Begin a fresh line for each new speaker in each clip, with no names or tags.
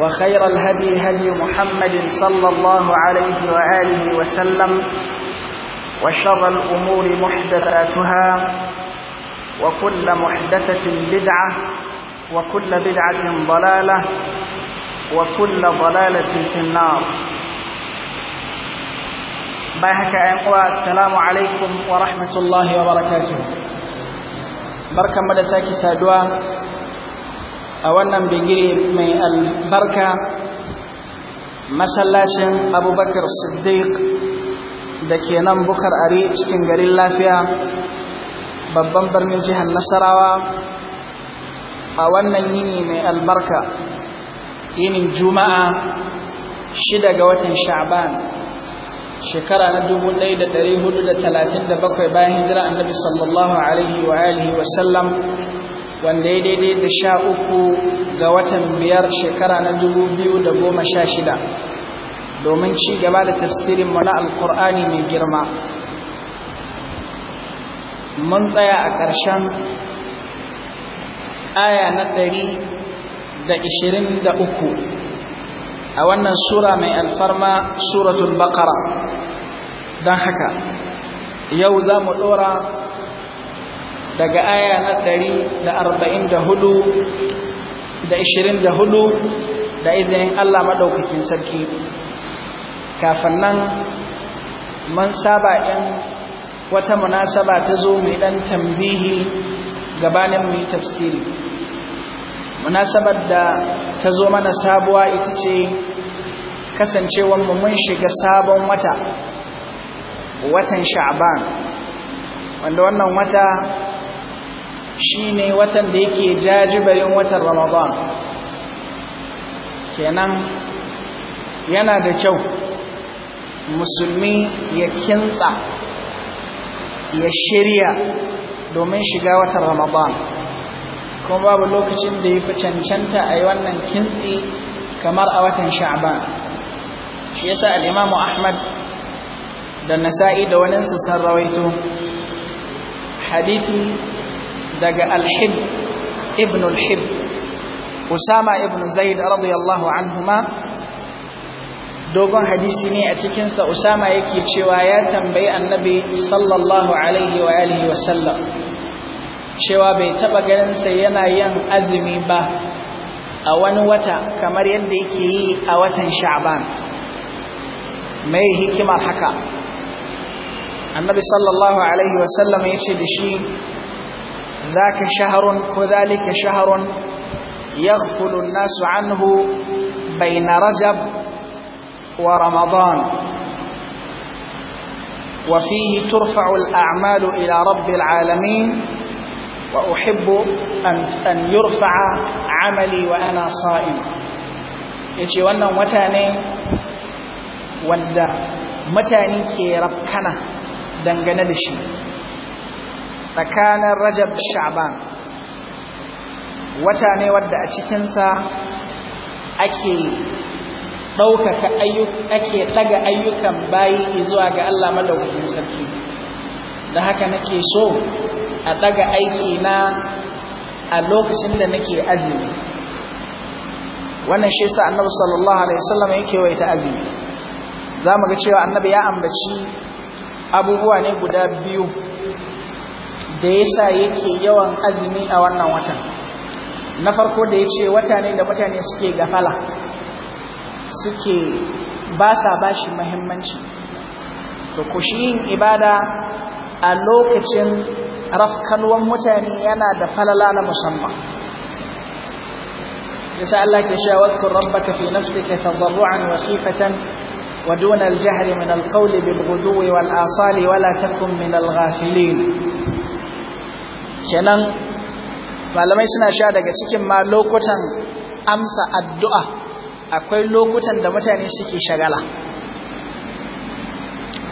وخير الهدي هدي محمد صلى الله عليه وآله وسلم وشر الأمور محدثاتها وكل محدثة بدعة وكل بدعة ضلالة وكل ضلالة في النار باهك أنقوى السلام عليكم ورحمة الله وبركاته بركة مدساك سادوا a wannan bigire mai albarka masallacin abubakar siddiq da ke nan bukar are cikin garin lafiya babban birnin jihar nasarawa a wannan yini mai albarka yinin juma'a shida ga watan sha'ban shekara na 1437 bayan hijira annabi sallallahu alaihi wa alihi wa sallam wanda ya daidai da sha uku ga watan biyar shekara na dubu biyu da goma sha shida domin ci gaba da tafsirin mana alkur'ani mai girma mun tsaya a ƙarshen aya na ɗari da ishirin da uku a wannan sura mai alfarma suratul bakara don haka yau za mu ɗora daga aya na 144 da 24 da izinin Allah maɗaukakin sarki kafin nan mun saba wata munasaba ta zo mai ɗan tambihi gabanin mai tafsiri munasabar da ta zo mana sabuwa ita ce kasancewanmu mun shiga sabon wata watan Sha'aban wanda wannan wata Shi ne watan da yake jajibarin watan ramadan kenan yana da kyau musulmi ya kintsa ya shirya domin shiga watan ramadan kuma babu lokacin da ya fi cancanta a yi wannan kintsi kamar a watan sha'ban shi yasa al'imamu ahmad da nasa'i da waninsu sun rawaito hadithi daga alhib ibn alhib usama ibn zaid radiyallahu anhuma dogon hadisi ne a cikinsa usama yake cewa ya tambayi annabi sallallahu alaihi wa alihi wa sallam cewa bai taba ganin sa yana yin azumi ba a wani wata kamar yadda yake yi a watan sha'ban mai hikimar haka annabi sallallahu alaihi wa sallam ya ce da shi ذاك شهر كذلك شهر يغفل الناس عنه بين رجب ورمضان وفيه ترفع الأعمال إلى رب العالمين وأحب أن, أن يرفع عملي وأنا صائم يجي وانا متاني وانا متاني كي ربكنا دنغنا دشي tsakanin rajab sha'ban wata ne wadda a cikinsa ake ɗaukaka ake ɗaga ayyukan bayi zuwa ga Allah madaukakin sarki da haka nake so a ɗaga aiki na a lokacin da nake azumi wannan shi sa annabi sallallahu alaihi wasallam yake waita azumi zamu ga cewa annabi ya ambaci abubuwa ne guda biyu da yasa yake yawan azumi a wannan watan na farko da yace wata ne da mutane suke gafala suke ba sa bashi muhimmanci to ku shi yin ibada a lokacin rafkalwan mutane yana da falala na musamman yasa Allah ke sha wasu rabbaka fi nafsika tadarruan wa khifatan wa duna al-jahri min al-qawli bil-ghudwi wal-asali wala takun min al-ghafilin kenan malamai suna sha daga cikin ma lokutan amsa addu'a akwai lokutan da mutane suke shagala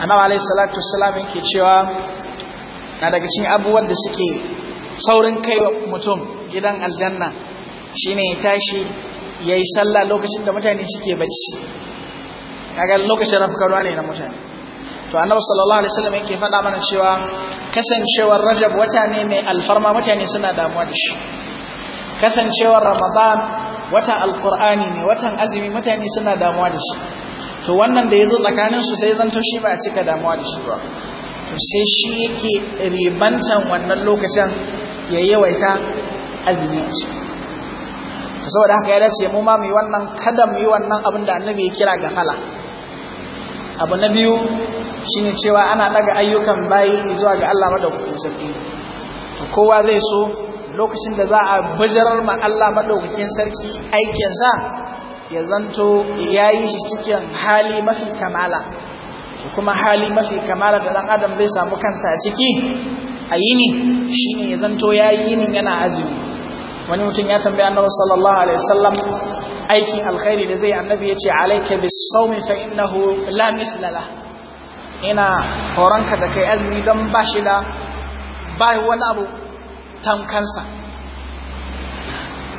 annabi alayhi salatu wassalam yake cewa na daga cikin abubuwan da suke saurin kai mutum gidan aljanna shine ya tashi yayi sallah lokacin da mutane suke bacci kaga lokacin rafkarwa ne na mutane to annabi sallallahu alaihi wasallam yake faɗa mana cewa kasancewar rajab wata ne mai alfarma mutane suna damuwa da shi kasancewar ramadan wata alqur'ani ne watan azumi mutane suna damuwa da shi to wannan da yazo tsakanin su sai zanto shi ba a cika damuwa da shi ba to sai shi yake ribantan wannan lokacin ya yawaita azumi to saboda haka ya dace mu ma mu yi wannan kada mu yi wannan abin da annabi ya kira gafala abu na biyu shine cewa ana daga ayyukan bayi zuwa ga Allah madaukakin sarki kowa zai so lokacin da za a bajarar ma Allah madaukakin sarki aikinsa ya zanto ya yi shi cikin hali mafi kamala kuma hali mafi kamala da dan adam zai samu kansa a ciki a yini shine ya zanto ya yi yana azumi wani mutum ya tambaya annabi sallallahu alaihi wasallam aikin alkhairi da zai annabi yace alayka bis sawmi fa innahu la mithla lahu ina horonka da kai azumi don ba shi da ba wani abu tamkansa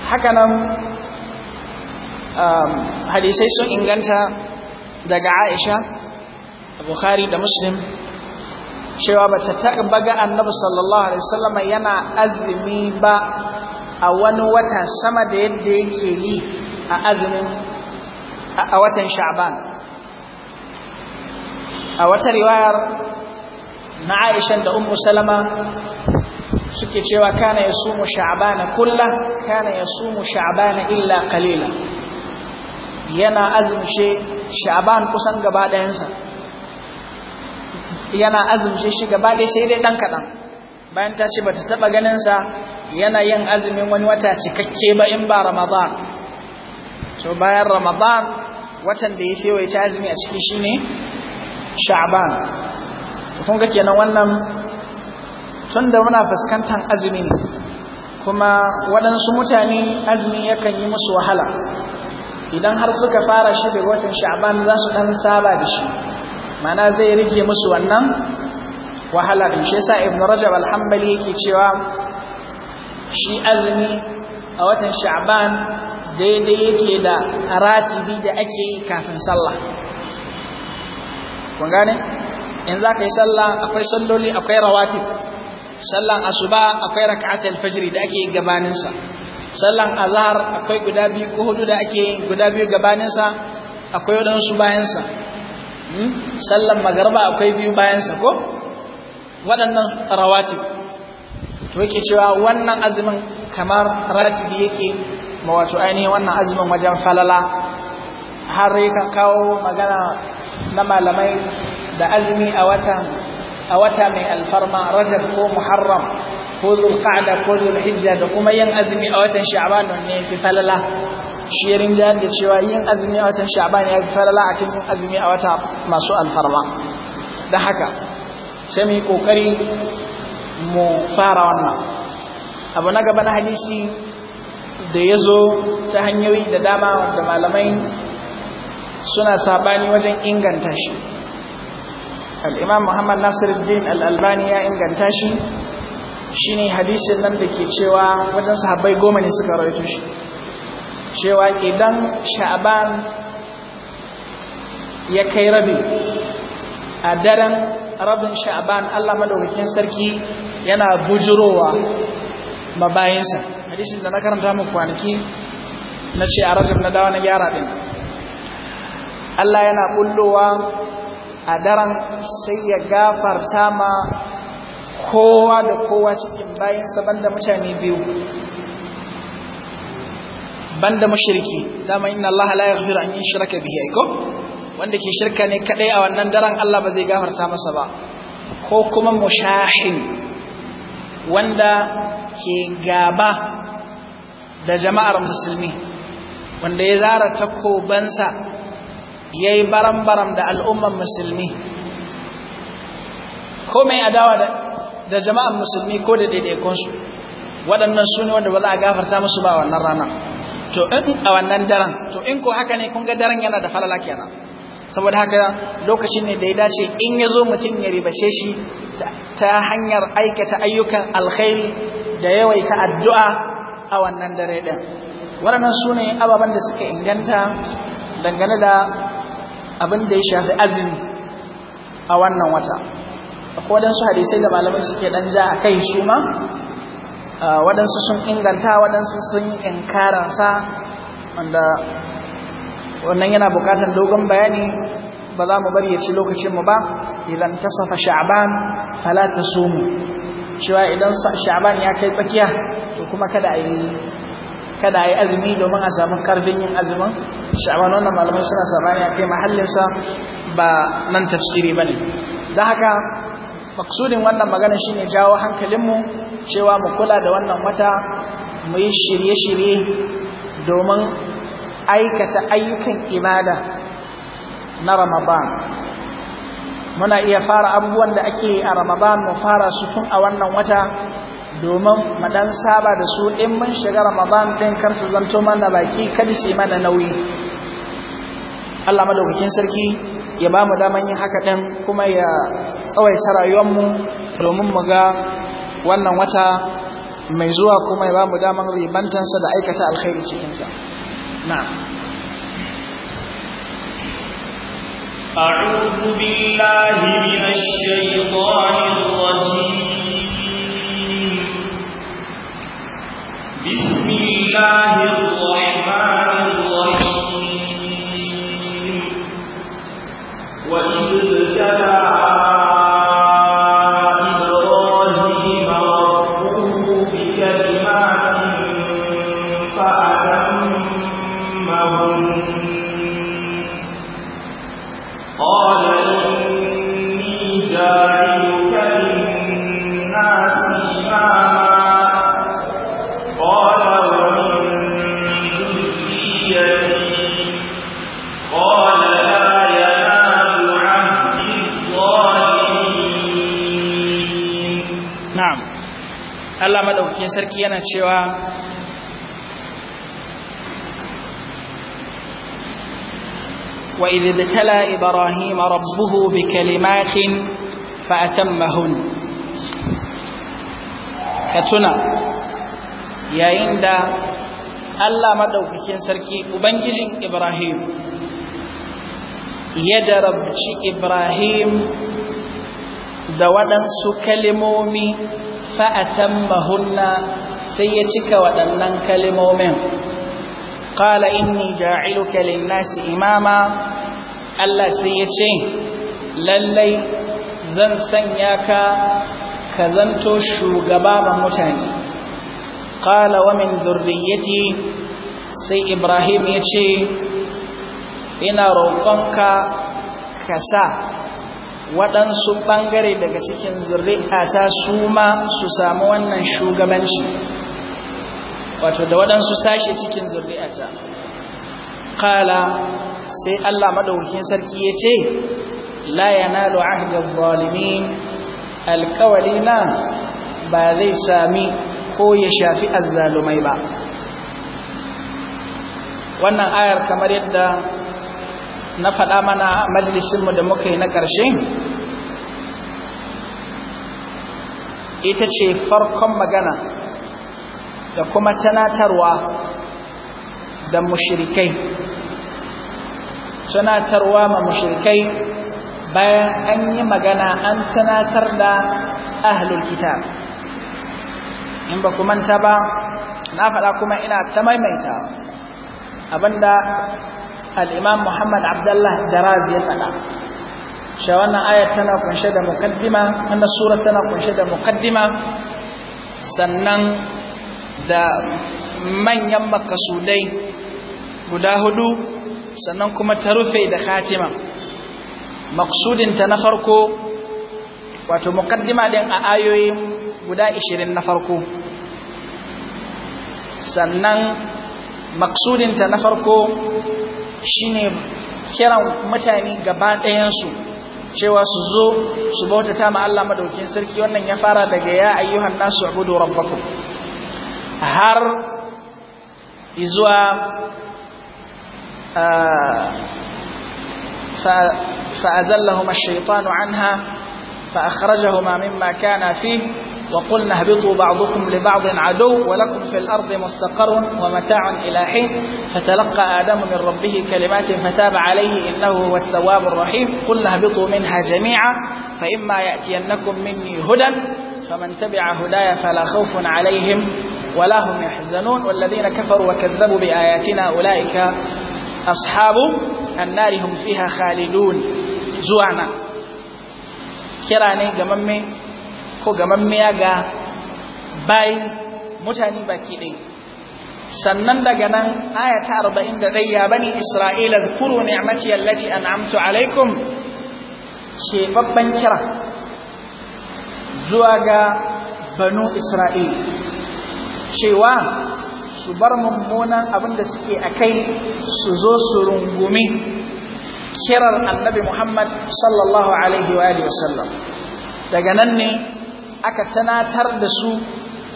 hakanan um, hadisai sun inganta daga aisha bukhari da muslim cewa ba ta taɓa ga annabi sallallahu alaihi wasallam yana azumi ba a wani wata sama da yadda yake yi a azumin a watan sha'ban a wata riwayar na Aisha da Ummu Salama suke cewa kana yasumu sha'bana kulla kana yasumu sha'bana illa qalila yana azumce sha'ban kusan gaba ɗayansa yana azumce shi gaba ɗaya sai dai ɗan kaɗan bayan ta ce bata taɓa ganinsa yana yin azumin wani wata cikakke ba in ba ramadan so bayan ramadan watan da ya fi ta azumi a ciki shine sha'ban kun ga kenan wannan tunda muna fuskantar azumi kuma waɗansu mutane azumi yakan yi musu wahala idan har suka fara shi da watan sha'ban za su ɗan saba da shi mana zai rike musu wannan wahala din shi yasa ibnu rajab al-hanbali yake cewa shi azumi a watan sha'ban daidai yake da ratibi da ake yi kafin sallah kun gane in za ka yi sallah akwai salloli akwai rawatib sallan asuba akwai raka'atul fajr da ake gabanin sa sallan azhar akwai guda biyu ko hudu da ake guda biyu gabanin sa akwai su bayan sa hmm? sallan magarba akwai biyu bayan sa ko waɗannan rawatib to yake cewa wannan azumin kamar ratibi yake ma wato ainihin wannan azumin wajen falala har ka kawo magana na malamai da azumi a wata mai alfarma rajab ko muharram ko zulqa'da ko zulhijja da kuma yin azumi a watan sha'ban ne fi falala shi jihar da cewa yin azumi a watan sha'ban ya fi falala kan yin azumi a wata masu alfarma da haka sai mu yi kokari mu fara wannan abu na gaba na hadisi da ya zo ta hanyoyi da dama wanda malamai suna sabani wajen inganta shi al'imam muhammad nasiruddin albani ya inganta shi shi ne hadisin nan da ke cewa wajen sahabbai goma ne suka rawaito shi cewa idan sha'aban ya kai rabi a daren rabin sha'aban allah madaukakin sarki yana bujurowa mabayinsa hadisin da na karanta mu kwanaki na ce a rajab na dawa na gyara ɗin Allah yana bullowa a daren sai ya gafarta ma kowa da kowa cikin bayansa da mutane biyu banda mashirki dama inna Allah la yaghfiru an yushraka bihi aiko wanda ke shirka ne kadai a wannan daren Allah ba zai gafarta masa ba ko kuma mushahin wanda ke gaba da jama'ar musulmi wanda ya zara takobansa Yayi yi baram-baram da al'umman musulmi ko mai adawa da jama'an musulmi ko da daidaikunsu waɗannan su ne wanda ba za a gafarta musu ba wannan rana to in a wannan daren to in ko haka ne kun ga daren yana da falala kenan saboda haka lokacin ne da ya dace in ya zo mutum ya ribace shi ta hanyar aikata ayyukan alkhairi da yawaita addu'a a wannan dare ɗin waɗannan su ne ababen da suka inganta dangane da abin da ya shafi azumi a wannan wata akwai waɗansu hadisai da malamai suke ɗan ja a kai shi ma ah, waɗansu sun inganta waɗansu sun yi inkaransa wanda wannan yana buƙatar dogon bayani ba za mu bari ya ci lokacinmu ba idan ta safa sha'aban su mu. cewa idan sha'aban ya kai tsakiya to kuma kada a yi azumi domin a samu karfin yin azumin sha'aban wannan malamai suna sarari a kai mahallinsa ba nan tafsiri ba ne don haka maksudin wannan magana shine jawo hankalinmu cewa mu kula da wannan wata mu yi shirye-shirye domin aikata ayyukan ibada na ramadan muna iya fara abubuwan da ake a ramadan mu fara su tun a wannan wata domin mu dan saba da su in mun shiga ramadan din kar su zanto mana baki kada su yi mana nauyi Allah madaukakin sarki ya ba mu daman yin haka ɗin kuma ya tsawaita rayuwar mu domin mu ga wannan wata mai zuwa kuma ya ba mu daman ribantansa da aikata alkhairi cikinsa na'am أعوذ بالله من الشيطان الرجيم بسم الله الرحمن maɗaukakin sarki yana cewa wa idibtala ibrahim rabbuhu bi kalimatin fa atammahun ka tuna yayin da Allah maɗaukakin sarki ubangijin ibrahim ya darabci ibrahim da waɗansu kalimomi fa'atan mahunna sai ya cika waɗannan kalimomin ƙala inni ja'iluka linnasi imama Allah sai ya ce lallai zan sanya ka ka zanto shugaba ma mutane ƙala wa min sai Ibrahim ya ce ina roƙonka ka sa waɗansu ɓangare daga cikin zuri'ata su ma su samu wannan shugabanci wato da waɗansu sashe cikin zuri'ata. kala sai Allah maɗaukin sarki ya ce la yanalu ga zalimin alkawari na ba zai sami ko ya shafi azzalumai ba wannan ayar kamar yadda na faɗa mana majalisinmu da muka yi na ƙarshe ita ce farkon magana da kuma tanatarwa da mushirikai tunatarwa ma mushirikai bayan an yi magana an tanatar da ahlul kitab in ba kuma ta ba na faɗa kuma ina ta maimaita abinda al'imam Muhammad Abdullah Darazi ya faɗa. Shi wannan ayat tana kunshe da mukaddima, wannan sura tana kunshe da mukaddima sannan da manyan makasudai guda hudu sannan kuma ta rufe da katima Maksudinta na farko, wato mukaddima ɗin a ayoyi guda ishirin na farko. Sannan maksudinta na farko shine kiran mutane gaba ɗayansu cewa su zo su bautata ma Allah madaukin sarki wannan ya fara daga ya ayyuhan nasu abudu rabbakum har izuwa فأزلهما الشيطان عنها ma مما كان fi. وقلنا اهبطوا بعضكم لبعض عدو ولكم في الأرض مستقر ومتاع إلى حين فتلقى آدم من ربه كلمات فتاب عليه إنه هو التواب الرحيم قلنا اهبطوا منها جميعا فإما يأتينكم مني هدى فمن تبع هداي فلا خوف عليهم ولا هم يحزنون والذين كفروا وكذبوا بآياتنا أولئك أصحاب النار هم فيها خالدون زوانا كراني جممي ko gamammiya ga bayan mutane baki ɗai sannan daga nan aya ta arba'in da ɗai bani isra'ila zukuru ni'amati allati an'amtu alaikum shefabban kira zuwa ga banu isra'il cewa su bar mummunan abinda suke a kai su zo su rungumi kirar annabi muhammad sallallahu alaihi wa sallam daga nan ne aka tanatar da su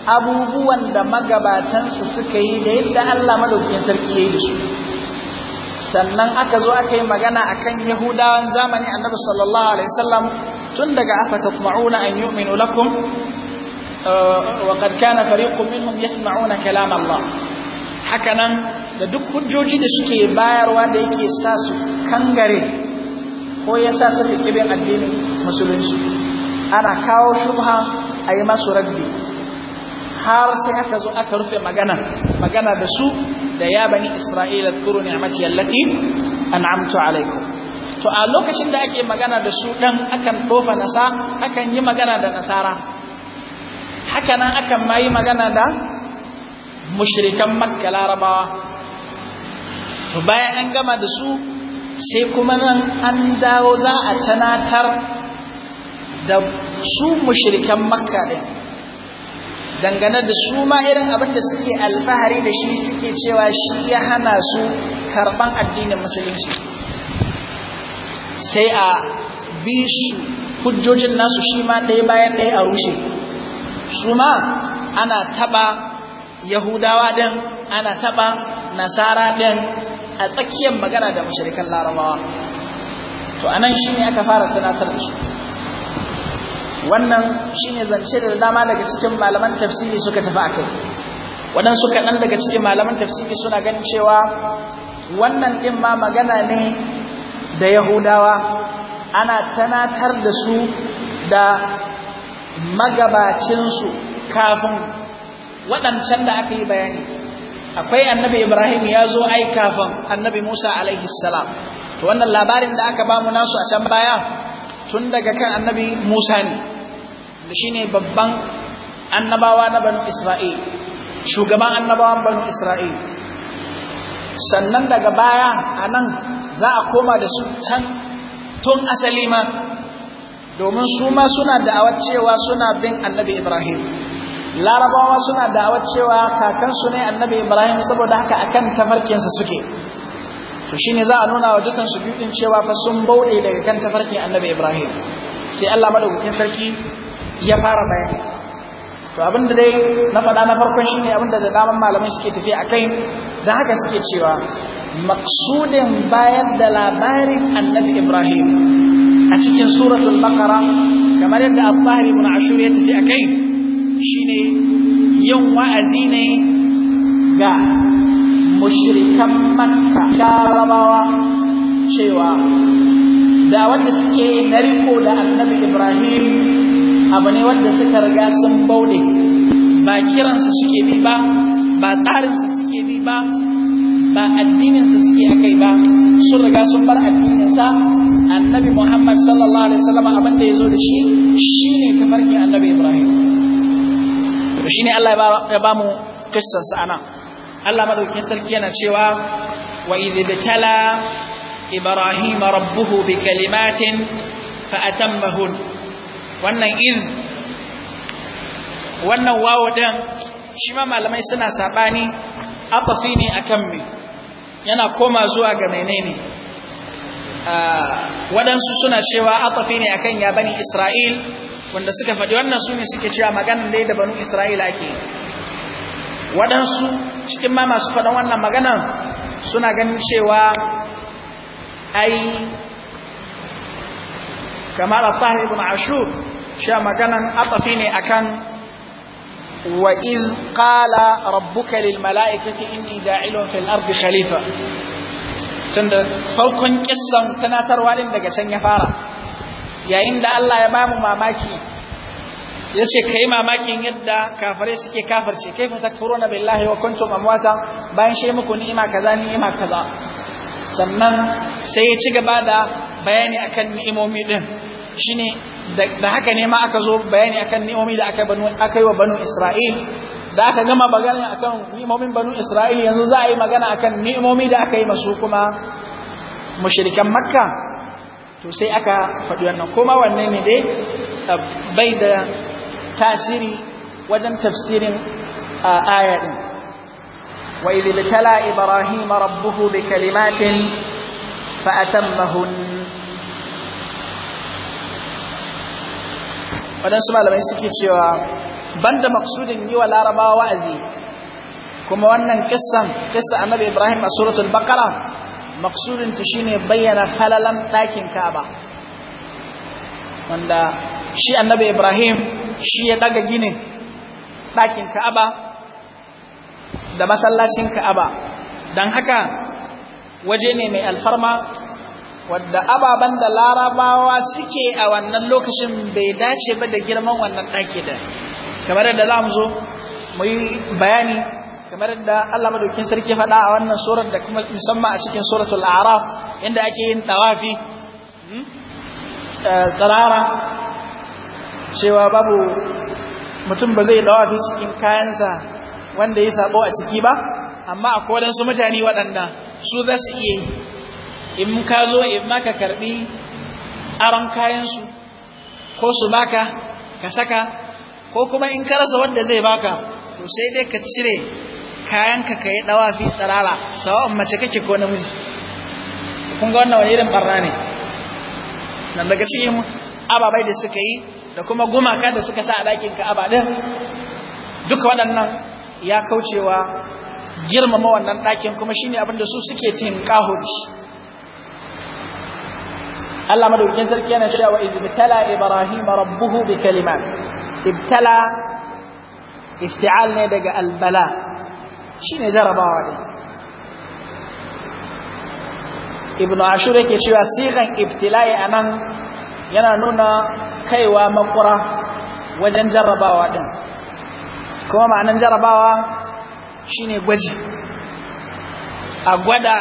abubuwan da magabatansu suka yi da yadda Allah madaukakin sarki ya yi da su sannan aka zo aka yi magana akan yahudawan zamani annabi sallallahu alaihi wasallam tun daga afatatma'una an yu'minu lakum uh, wa qad kana fariqun minhum yasma'una kalam Allah hakanan da duk hujjoji da suke bayarwa da yake sa su kangare ko yasa suka kibin addinin musulunci ana kawo shubha a yi masu rabbi har sai aka zo aka rufe magana magana da su da ya bani isra'ila kuru ni'amati an amtu alaikum to a lokacin da ake magana da su dan akan ɗofa nasa akan yi magana da nasara haka nan akan ma yi magana da mushrikan makka larabawa to bayan an gama da su sai kuma nan an dawo za a tanatar da su mushrikan makka din dangane da su ma irin abin da suke alfahari da shi suke cewa shi ya hana su karban addinin musulunci sai a bi su hujjojin nasu shi ma ɗaya bayan ɗaya a rushe su ma ana taɓa yahudawa ɗin ana taɓa nasara ɗin a tsakiyar magana da mashirikan larabawa to anan shi ne aka fara tunatar da su wannan shine zance da dama daga cikin malaman tafsiri suka tafi akai waɗansu kaɗan daga cikin malaman tafsiri suna ganin cewa wannan din ma magana ne da yahudawa ana tanatar da su da magabacinsu kafin waɗancan da aka yi bayani akwai annabi ibrahim ya zo ai kafin annabi musa alaihi salam to wannan labarin da aka bamu nasu a can baya tun daga kan annabi musa ne da ne babban annabawa na banu Isra'il shugaban annabawan banu Isra'il sannan daga baya a nan za a koma da su can tun asali ma domin su ma suna da'awar cewa suna bin annabi Ibrahim larabawa suna da'awar cewa kakansu ne annabi Ibrahim saboda haka akan tafarkinsa suke to shi ne za a nuna wa dukan su biyu cewa fa sun bauɗe daga kan tafarkin annabi Ibrahim sai Allah madaukakin sarki ya fara bayani to abin da dai na faɗa na farkon shine abin da daman malamai suke tafi a kai da haka suke cewa maksudin bayar da labarin annabi ibrahim a cikin suratul baqara kamar yadda abubakar ibn ashur ya tafi a kai shine yin wa'azi ne ga mushrikan makka jarabawa cewa da wanda suke na riko da annabi ibrahim abu ne wanda suka riga sun bauɗe ba kiransu suke bi ba ba tsarinsu suke bi ba ba addininsu suke a kai ba sun riga sun bar addininsa annabi muhammad sallallahu alaihi wasallam abin da ya zo da shi shi ne tafarkin annabi ibrahim shi ne allah ya ba mu kissansa ana allah maɗaukin sarki yana cewa wa idibtala ibrahim rabbuhu bi kalimatin fa atammahun wannan in wannan wawo ɗin shi ma malamai suna saɓani afafi ne a kan me yana koma zuwa ga menene ah, waɗansu suna cewa afafi ne akan ya bani isra'il wanda suka faɗi wannan su ne suke cewa maganin dai da banu isra'ila ake waɗansu cikin ma masu faɗan wannan maganan suna ganin cewa ai kamar al-fahri ibn ashur sha maganan atsafi ne akan wa iz qala rabbuka lil mala'ikati inni ja'ilun fil ardi khalifa tunda farkon kissan tunatarwa din daga can ya fara yayin da Allah ya bamu mamaki yace kai mamakin yadda kafarai suke kafirce kaifa takfuruna billahi wa kuntum amwata bayan shi muku ni'ima kaza ni'ima kaza sannan sai ya ci gaba da bayani akan ni'imomi din shine da haka ne ma aka zo bayani akan ni'omi da aka aka yi wa banu Isra'il da aka gama magana akan ni'omin banu Isra'il yanzu za a yi magana akan ni'omi da aka yi masu kuma mushrikan Makka to sai aka faɗi wannan kuma wannan ne dai bai da tasiri wajen tafsirin aya din wa idh tala ibrahima rabbuhu bi kalimatin fa atammahun waɗansu malamai suke cewa banda maksudin yi wa larabawa wa'azi kuma wannan kissan kissa annabi ibrahim a suratul baqara maksudin ta shine bayyana falalan ɗakin ka'aba wanda shi annabi ibrahim shi ya daga ginin ɗakin ka'aba da masallacin ka'aba don haka waje ne mai alfarma wadda ababen da larabawa suke a wannan lokacin bai dace ba da girman wannan ɗaki da kamar yadda za mu zo mu yi bayani kamar yadda Allah madaukin sarki faɗa a wannan surar da kuma musamman a cikin suratul araf inda ake yin tawafi hmm, eh, tsarara. cewa babu mutum ba zai dawafi cikin kayansa wanda ya sabo a ciki ba amma akwai waɗansu mutane waɗanda su za su iya yi in ka zo in maka karbi aron kayansu ko su baka ka saka ko kuma in ka rasa wanda zai baka to sai dai ka cire kayan ka yi dawa fi tsirara sawa'un mace kake ko namiji kun ga wannan wani irin barna ne nan daga cikin ababai da suka yi da kuma gumaka da suka sa a ɗakin ka ɗin duka waɗannan ya kaucewa girmama wannan ɗakin kuma shine abinda su suke tin kahoci Allah madaukakin sarki yana cewa ibtala ibrahim rabbuhu bi kalimat ibtala ifti'al ne daga albala shine jarabawa din ibnu ashur yake cewa sigan ibtila'i anan yana nuna kaiwa makura wajen jarabawa din kuma ma'anan jarabawa shine gwaji a gwada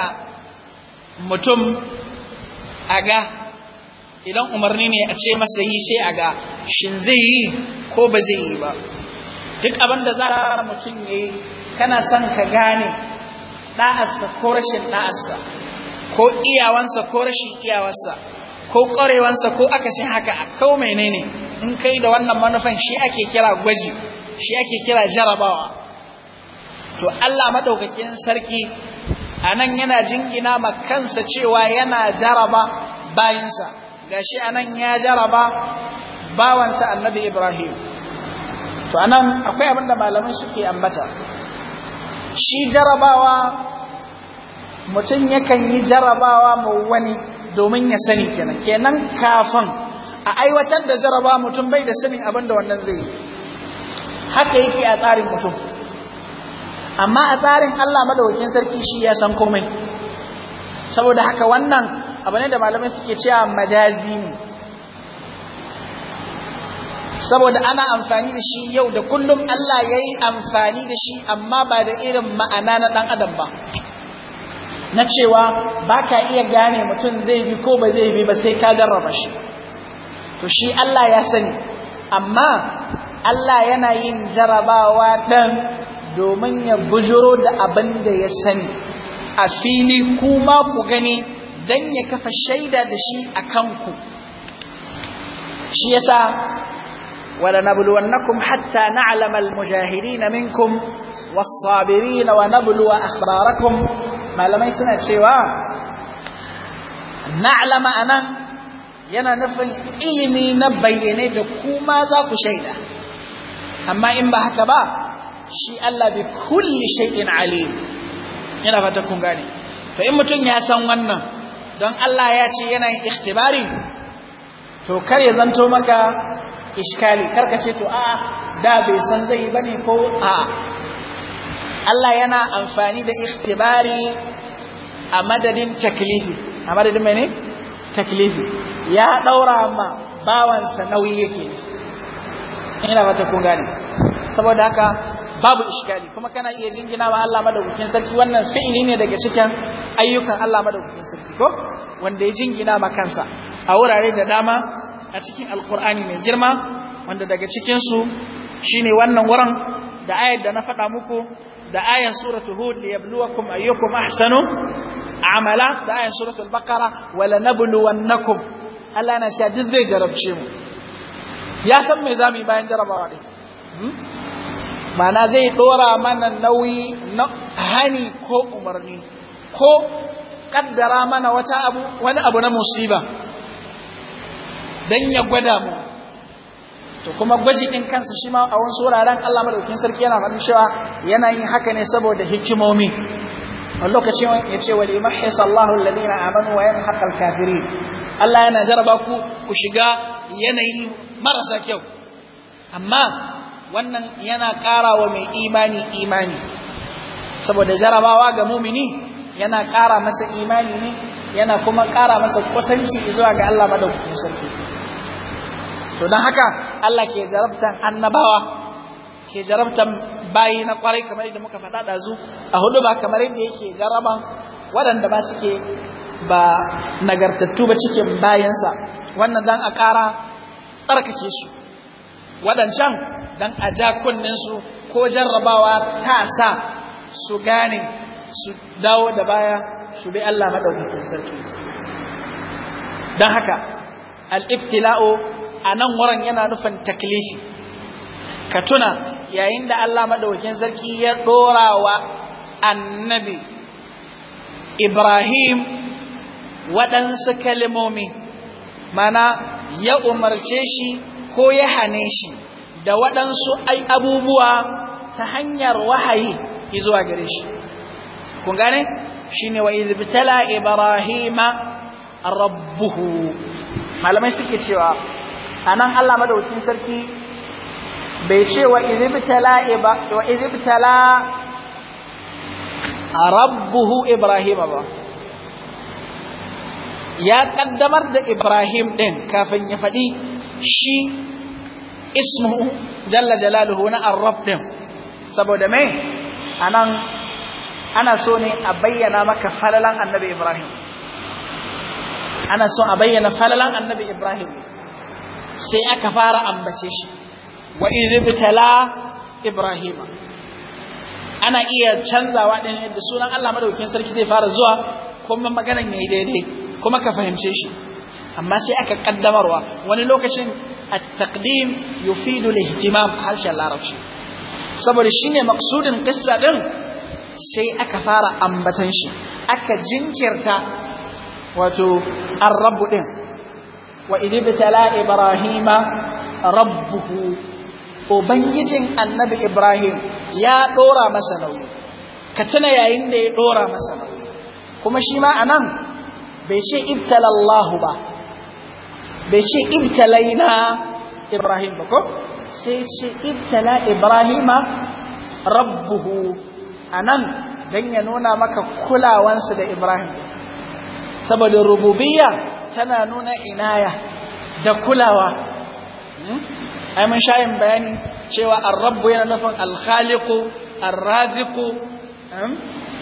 mutum a ga idan umarni ne a ce masa yi sai a ga shin zai yi ko ba zai yi ba duk abin da za a mutum ya yi kana son ka gane ɗa'arsa ko rashin ɗa'arsa ko iyawansa ko rashin iyawarsa ko ƙwarewansa ko aka akasin haka a kau menene in kai da wannan manufan shi ake kira gwaji shi ake kira jarabawa to Allah maɗaukakin sarki a nan yana jingina ma kansa cewa yana jaraba bayansa gashi anan ya jaraba bawansa annabi Ibrahim to anan akwai abinda da malaman suke ambata shi jarabawa mutum yakan yi jarabawa ma wani domin ya sani kenan kenan kafin a aiwatar da jaraba mutum bai da sanin abin da wannan zai yi haka yake a tsarin mutum amma a tsarin Allah madawakin sarki shi ya san komai saboda haka wannan abu ne da malamai suke cewa majazi ne saboda ana amfani da shi yau da kullum Allah ya yi amfani da shi amma ba da irin ma'ana na ɗan adam ba na cewa ba ka iya gane mutum zai bi ko ba zai bi ba sai ka jarraba shi to shi Allah ya sani amma Allah yana yin jarabawa ɗan domin ya bujuro da abin da ya sani a fili kuma ku gani dan ya kafa shaida da shi a kanku shi yasa wala nabluwannakum hatta na'lama almujahidin minkum was-sabirin wa nabluwa akhbarakum malamai suna cewa na'lama anan yana nufin ilimi na bayyane da kuma za ku shaida amma in ba haka ba shi Allah bi kulli shay'in alim ina fata kun gane to in mutum ya san wannan don Allah ya ce yana yin ikhtibari to kar ya zanto maka iskali karka ce to a'a da bai san zai bane ko a'a Allah yana amfani da ikhtibari a madadin taklifi a madadin mene taklifi ya daura ma bawansa nauyi yake ina ba ta kun gane saboda haka babu iskali kuma kana iya jingina wa Allah madaukakin sarki wannan fi'ili ne daga cikin ayyukan Allah madaukakin sarki ko wanda ya jingina ma kansa a wurare da dama a cikin alkur'ani mai girma wanda daga cikin su shine wannan wurin da ayat da na faɗa muku da ayat suratul hud yabluwakum ayyukum ahsanu amala da ayat suratul baqara wala nabluwannakum Allah yana sha duk zai jarabce mu ya san me zamu yi bayan jarabawa din hmm? mana zai dora mana nauyi na hani ko umarni ko kaddara mana wata abu wani abu na musiba dan ya gwada mu to kuma gwaji din kansa shi ma a wasu wuraren Allah madaukakin sarki yana faɗin cewa yana yin haka ne saboda hikimomi wani lokacin ya ce wali mahisa Allahu alladhina amanu wa yamhaqa al-kafirin Allah yana jaraba ku ku shiga yanayi marasa kyau amma wannan yana ƙara wa mai imani imani saboda jarabawa ga mumini yana ƙara masa imani ne yana kuma ƙara masa kusanci zuwa ga Allah madaukakin sarki to don haka Allah ke jarabtan annabawa ke jarabtan bayi na kwarai kamar yadda muka faɗa ɗazu
a hudu ba kamar
yadda yake jaraban waɗanda ba suke ba nagartattu ba cikin bayansa wannan dan a ƙara tsarkake su waɗancan dan a ja kunninsu ko jarrabawa ta sa su gane su dawo da baya su bi Allah maɗaukakin sarki don haka al'ibtila'o a nan wurin yana nufin taklifi ka tuna yayin da Allah maɗaukakin sarki ya ɗora wa annabi Ibrahim waɗansu kalimomi mana ya umarce shi ko ya hane shi da waɗansu ai abubuwa ta hanyar wahayi zuwa gare shi kun gane ne wa izbitala ibrahima rabbuhu malamai suke cewa a nan Allah madaukakin sarki bai ce wa izbitala wa rabbuhu ibrahima ba ya kaddamar da ibrahim ɗin kafin ya faɗi shi ismu jalla jalaluhu na arraf din saboda me anan ana so ne a bayyana maka falalan annabi ibrahim ana so a bayyana falalan annabi ibrahim sai aka fara ambace shi wa idibtala Ibrahim? ana iya canzawa din yadda sunan Allah madaukakin sarki zai fara zuwa kuma maganan yayi daidai kuma ka fahimce shi amma sai aka kaddamarwa wani lokacin at-taqdim yufidu al-ihtimam harshen larabci saboda shine maksudin qissa din sai aka fara ambatan shi aka jinkirta wato ar-rabb din wa idibtala ibrahima rabbuhu ubangijin annabi ibrahim ya dora masa nauyi ka tuna yayin da ya dora masa nauyi kuma shi ma anan bai ce ibtalallahu ba bai ce ibtalaina ibrahim ba ko sai ce ibtala ibrahima rabbuhu anan dan ya nuna maka kulawansu da ibrahim saboda rububiyya tana nuna inaya
da kulawa
hmm? ai mun sha yin bayani cewa ar-rabbu yana nufin al-khaliqu ar-raziqu hmm?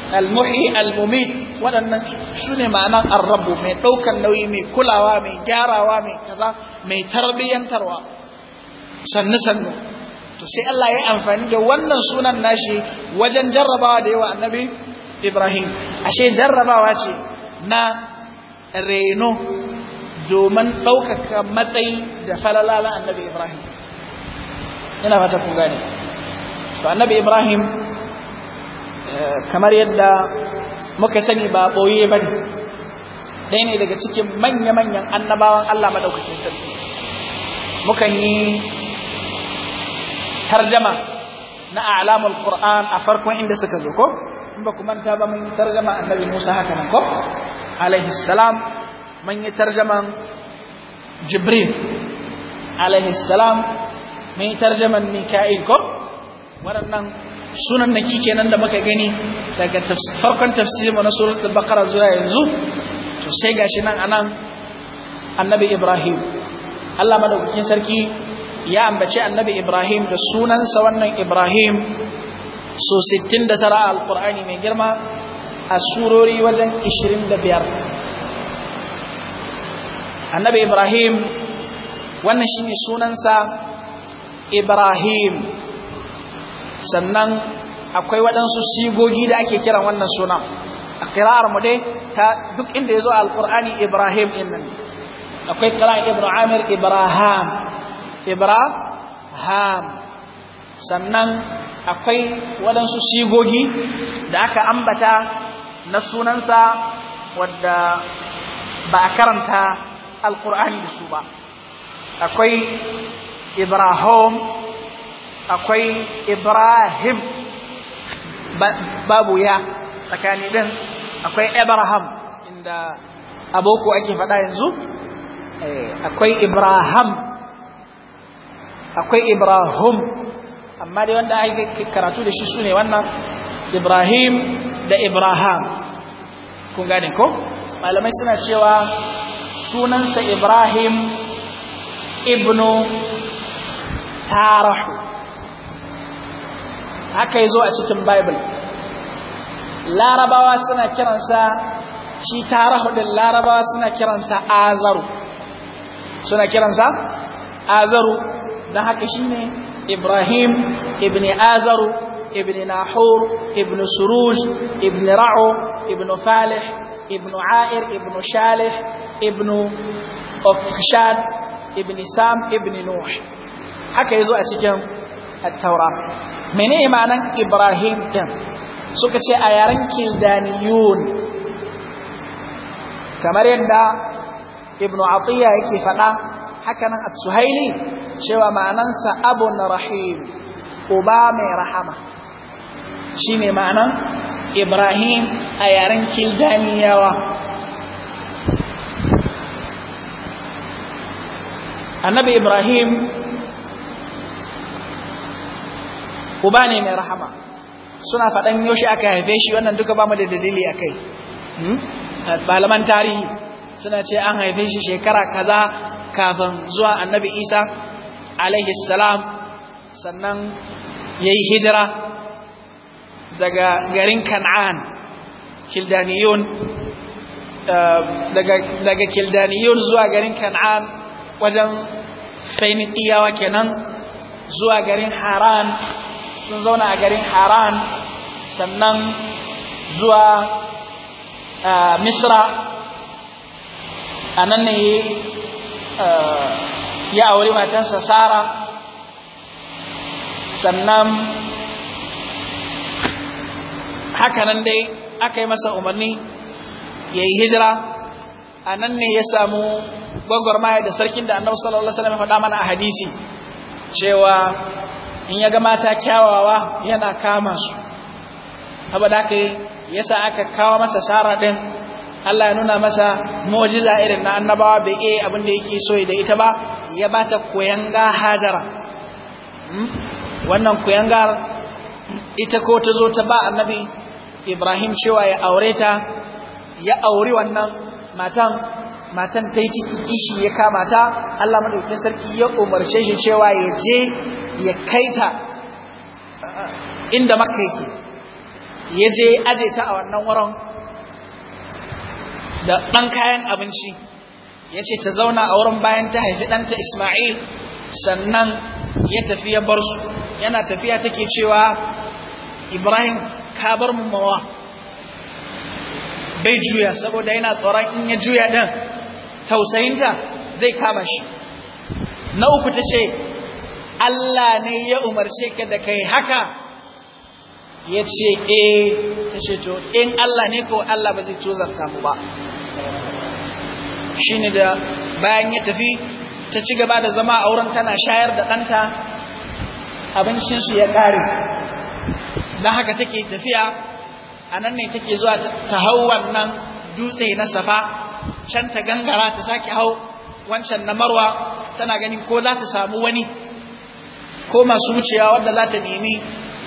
Almuhi, almumi, waɗannan su ne ma'anar arrabu mai ɗaukar nauyi mai kulawa mai gyarawa mai kaza mai tarbiyyantarwa sannu sannu to sai Allah ya amfani da wannan sunan nashi wajen jarrabawa da yawa annabi Ibrahim ashe jarrabawa ce na reno domin ɗaukaka matsayi da falalala annabi Ibrahim ina fata kun gane to annabi Ibrahim kamar yadda muka sani ba boye ba ne ɗaya ne daga cikin manya-manyan annabawan Allah maɗaukakin sarki muka yi tarjama na alamul Qur'an a farkon inda suka zo ko in ba kuma ta ba mun yi tarjama annabi Musa haka nan ko alaihi salam mun yi tarjaman Jibril alaihi salam mun yi tarjaman Mika'il ko waɗannan sunan kike kenan da muka gani daga farkon tafsirin na suratul baqara zuwa yanzu to sai gashi nan anan annabi ibrahim Allah madaukakin sarki ya ambace annabi ibrahim da sunansa wannan ibrahim so 69 a alqur'ani mai girma a surori wajen 25 annabi ibrahim wannan shine sunansa ibrahim sannan akwai waɗansu sigogi da ake kiran wannan suna. a ƙira'ar mu dai ta duk inda ya zo a alƙur'ani ibrahim ɗin nan akwai a ibrahim ibrahim ibrahim sannan akwai waɗansu sigogi da aka ambata na sunansa wadda ba a karanta alƙur'ani da su ba akwai ibrahim akwai Ibrahim babu ya tsakani din akwai Abraham inda aboko ake faɗa yanzu eh, akwai Ibrahim akwai Ibrahim amma dai wanda ake karatu da shi sune wannan Ibrahim da Ibrahim kun gane ko malamai suna cewa sunansa Ibrahim ibnu Tarahu haka yazo a cikin bible larabawa suna kiransa shi tarahu din larabawa suna kiransa azaru suna kiransa azaru dan haka shine ibrahim ibn azaru ibn nahur ibn suruj ibn ra'u ibn falih ibn air ibn shalih ibn ofishad, ibn sam ibn nuh haka yazo a cikin at-taura mene imanan ibrahim din suka ce a yaren kildaniyun kamar yadda ibnu atiya yake faɗa hakanan as-suhaili cewa ma'anansa na rahim uba mai rahama shine ma'anan ibrahim a yaren kildaniyawa annabi ibrahim uba ne mai rahama suna faɗan yaushe aka haife shi wannan duka ba mu da dalili a kai hmm? malaman tarihi suna ce an haife shi shekara kaza kafin zuwa annabi isa alaihi salam sannan ya yi hijira daga garin kan'an kildaniyun eh, daga kildaniyun zuwa garin kan'an wajen fainikiyawa kenan zuwa garin haran sun zauna a garin haran sannan zuwa misra a ne ya auri matansa sara sannan hakanan dai aka yi masa umarni ya yi hijira a ne ya samu gwagwarmaya da sarkin da annabi sallallahu alaihi wasallam ya faɗa mana a hadisi cewa in ya ga mata kyawawa yana kama su abada ka yasa aka kawo masa sara din Allah ya nuna masa mu'jiza irin na annabawa bai iya abin da yake so da ita ba ya ba ta koyan ga hajara hmm? wannan koyan ga ita ko ta zo ta ba annabi Ibrahim cewa ya aure ta ya auri wannan matan matan ta yi ciki kishi ya kama ta Allah madaukakin sarki ya umarce shi cewa ya je ya kaita uh, inda makka yake ya je aje ta a wannan wurin da ɗan kayan abinci ya ce ta zauna a wurin bayan ta haifi ɗanta Ismail sannan ya tafi ya bar su yana tafiya take cewa Ibrahim ka bar mu mawa bai juya saboda yana tsoron in ya juya ɗin tausayinta zai kama shi na uku ta ce Allah ne ya umarce ka da kai haka ya ce eh ta ce to in Allah ne ko Allah ba zai tozarta mu ba shi ne da bayan ya tafi ta ci gaba da zama a wurin tana shayar da ɗanta abincinsu ya ƙare na haka take tafiya a nan ne take zuwa ta hau wannan dutse na safa can ta gangara ta sake hau wancan na marwa tana ganin ko za ta samu wani ko masu wucewa wadda za ta nemi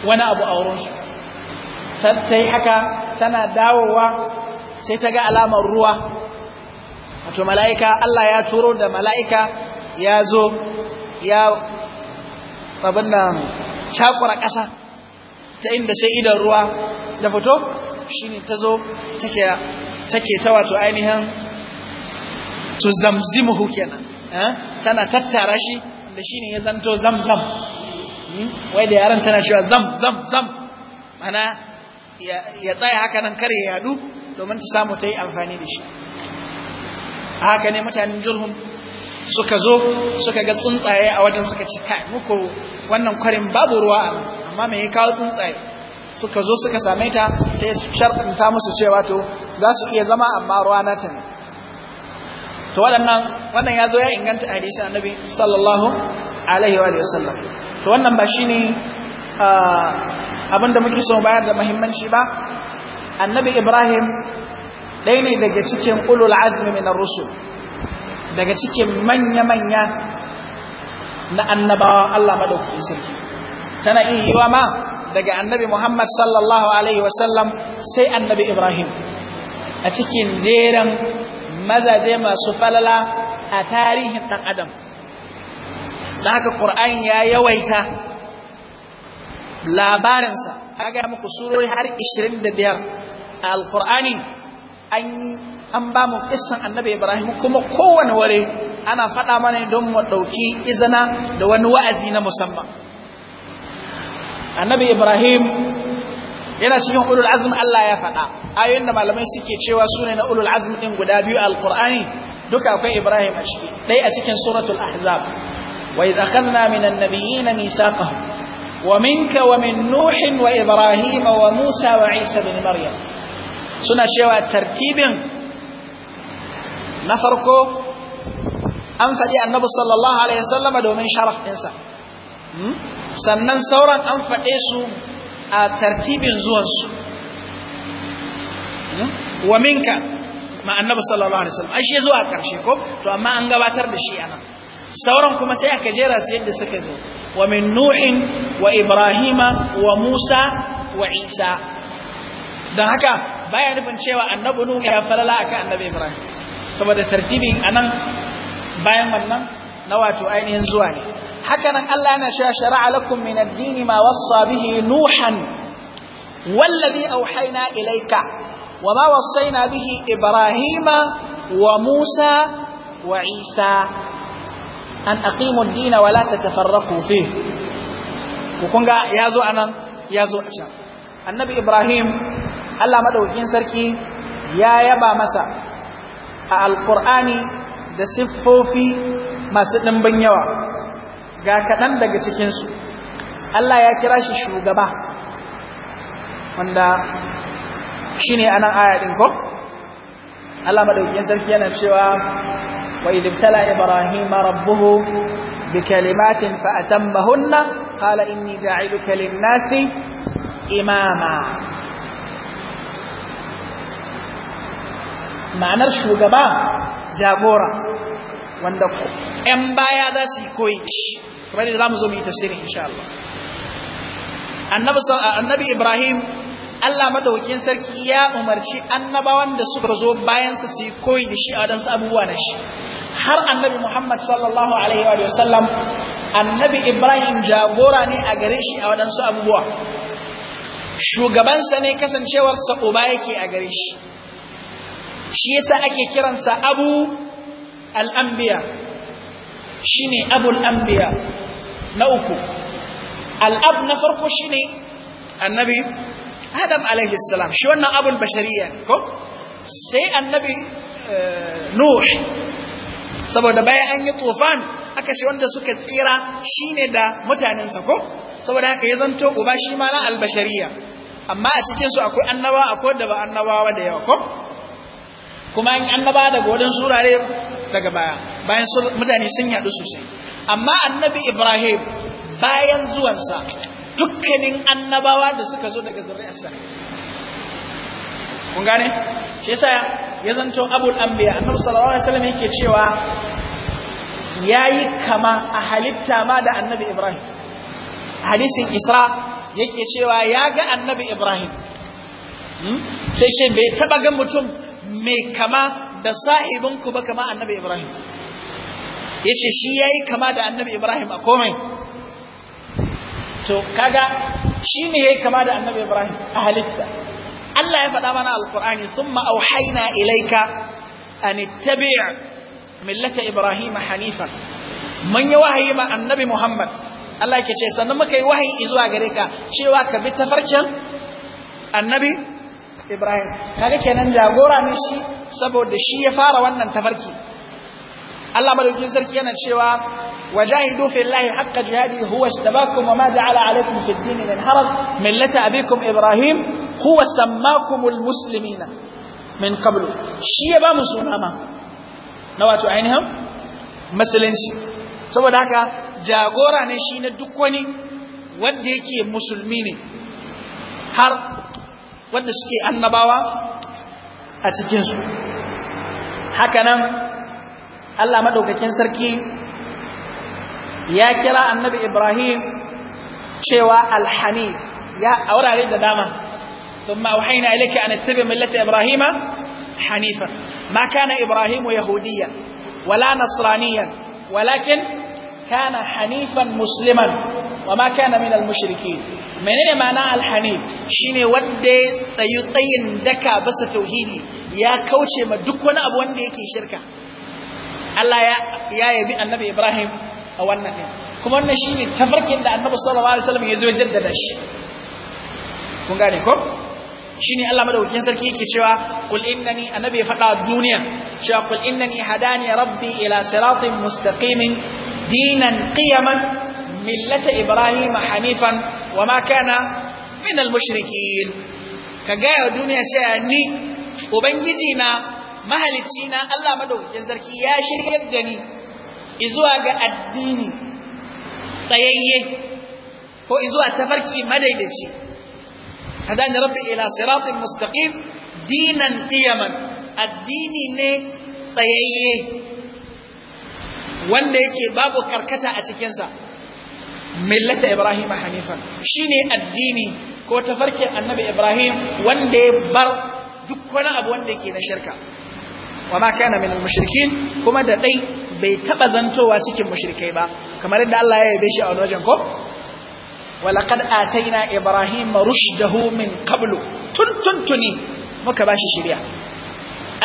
wani abu a wurinsu ta yi haka tana dawowa sai ta ga alamar ruwa wato mala'ika Allah ya turo da mala'ika ya zo ya abin cakura ƙasa ta inda sai idan ruwa da fito shi ne ta zo take ta wato ainihin tuzamzimuhu kenan eh? tana tattara shi da shine ya zanto zamzam hmm? wai da yaran tana cewa zam zam zam mana ya tsaya haka nan kare ya yadu domin ta samu ta yi amfani da shi haka ne mutanen jurhum suka zo suka ga tsuntsaye a wajen suka ci kai muku wannan kwarin babu ruwa amma mai kawo tsuntsaye suka zo suka same ta ta yi ta musu cewa to za su iya zama amma ruwa na ta ne to waɗannan wannan ya zo ya inganta hadisin annabi sallallahu alaihi wa sallam to wannan ba shi shine abinda muke so bayar da muhimmanci ba annabi ibrahim ɗaya ne daga cikin ulul azmi na rusul daga cikin manya-manya na annabawa Allah madaukakin sarki tana iya yiwa ma daga annabi Muhammad sallallahu alaihi wa sallam sai annabi Ibrahim a cikin jeran mazaje masu falala a tarihin ɗan adam da haka ƙur'an ya yawaita labarinsa a gaya muku surori har 25 a alƙur'ani an ba mu ƙisan annabi ibrahim kuma kowane ware ana faɗa mana don mu ɗauki izina da wani wa'azi na musamman annabi ibrahim yana cikin ulul azm Allah ya faɗa ayoyin da malamai suke cewa sune na ulul azm din guda biyu a alqur'ani duka akwai Ibrahim a ciki dai a cikin suratul ahzab wa idh akhadna minan nabiyyin mithaqahum wa minka wa min nuh wa ibrahim wa musa wa isa ibn maryam suna cewa tartibin na farko an faɗi annabi sallallahu alaihi wasallama domin sharaf ɗinsa hmm? sannan sauran an faɗe su a tartibin zuwansu hmm? wa minka ma annabi sallallahu alaihi wasallam ashe zuwa karshe ko to amma an gabatar da shi anan sauran kuma sai aka jera su yadda suka zo wa min nuhin wa ibrahima wa musa wa isa dan haka baya nufin cewa annabi nuhu ya falala akan annabi ibrahim saboda tartibin anan bayan wannan na wato ainihin zuwa ne haka nan Allah yana cewa shara'a lakum min ad-din ma wassa bihi nuhan wallazi auhayna ilayka wa ma wassayna bihi ibrahima wa musa wa isa an aqimu ad-din wa la tatafarraqu fihi ku kunga yazo anan yazo a can annabi ibrahim Allah madaukakin sarki ya yaba masa a alqur'ani da siffofi masu ɗimbin yawa ga kaɗan daga cikinsu Allah ya kira shi shugaba wanda shi ne anan ayaɗin ko Allah maɗaukin sarki yana cewa wa idibtala ibrahim rabbuhu bi kalimatin fa atammahunna qala inni ja'iluka lin-nasi imama ma'anar shugaba jagora wanda ‘yan baya za su yi koyi shi kamar yadda za mu zo mu yi tafsirin insha Allah annabi Ibrahim Allah madaukin sarki ya umarci annabawan da suka zo bayan su su yi koyi da shi a wadansu abubuwa da shi har annabi Muhammad sallallahu alaihi wa sallam annabi Ibrahim jagora ne a gare shi a wadansu abubuwa shugabansa ne kasancewarsa uba yake a gare shi shi yasa ake kiransa abu al'ambiya shi ne abul ambiya na uku al'ab na farko shi ne annabi adam alaihissalam shi wannan abul bashariya ko sai annabi eh, nuh saboda bayan an yi tufan aka ce wanda suka tsira shi ne da mutanensa ko saboda haka ya zanto uba shi ma na albashariya amma a cikinsu akwai annawa akwai da ba annawawa da yawa ko kuma an annaba daga wadan surare daga baya bayan mutane sun yaɗu sosai amma annabi ibrahim bayan zuwansa dukkanin annabawa da suka zo daga sa kun gane shi yasa ya zanto abul anbiya annabi sallallahu alaihi wasallam yake cewa yayi kama a halitta ma da annabi ibrahim
hadisin isra
yake cewa ya ga annabi ibrahim hmm? sai shi bai taba ga mutum mai kama da sa'ibinku ba kama annabi Ibrahim ya ce shi ya yi kama da annabi Ibrahim a komai to kaga shi ne ya yi kama da annabi Ibrahim a halitta Allah ya faɗa mana alkur'ani sun ma'auhaina ilaika an tabi'a millata Ibrahim Hanifa. man yi wahayi ma annabi Muhammad Allah ke ce sannan muka yi wahayi zuwa gare ka cewa ka bi tafarkin annabi Ibrahim kaga kenan jagora ne shi saboda shi ya fara wannan tafarki Allah madaukakin sarki yana cewa wajahidu fillahi haqqa jihadi huwa istabakum wa ma ja'ala alaykum din min millata abikum Ibrahim huwa min qablu shi ya ba mu na wato ainihin musulunci saboda haka jagora ne shi na duk wani wanda yake musulmi ne har wadda suke annabawa a cikinsu hakanan Allah maɗaukakin sarki ya kira annabi Ibrahim cewa alhanif ya a wurare da dama don ma'auhaina ilike a nattabin millata Ibrahim hanifa ma kana Ibrahim yahudiyya wala nasraniyya walakin kana hanifan musliman wa ma kana min al-mushrikin menene ma'ana alhanif shine wanda ya tsayu tsayin daka basa tauhidi ya kauce ma duk wani abu wanda yake shirka Allah ya ya yabi annabi Ibrahim a wannan ne kuma wannan shine tafarkin da annabi sallallahu alaihi wasallam ya zo jaddada shi kun gane ko shine Allah madaukakin sarki yake cewa qul innani annabi ya faɗa duniya cewa qul innani hadani rabbi ila siratin mustaqimin dinan qiyaman millata ibrahim hanifan wa ma kana min almushrikin ka gaya duniya cewa ni ubangiji na mahalicci na Allah madaukakin sarki ya shiryar da ni izuwa ga addini tsayayye ko izuwa tafarki madaidaici hadani rabbi ila siratin mustaqim dinan qiyaman addini ne tsayayye wanda yake babu karkata a cikinsa millata ibrahim hanifa shine addini ko tafarkin annabi ibrahim wanda ya bar duk wani abu wanda yake na shirka Wama ma kana min mushrikin kuma da dai bai taba zantowa cikin mushrikai ba kamar yadda Allah ya yabe shi a wani wajen ko ولقد آتينا Ibrahim رشده من qablu تن تن muka bashi shirya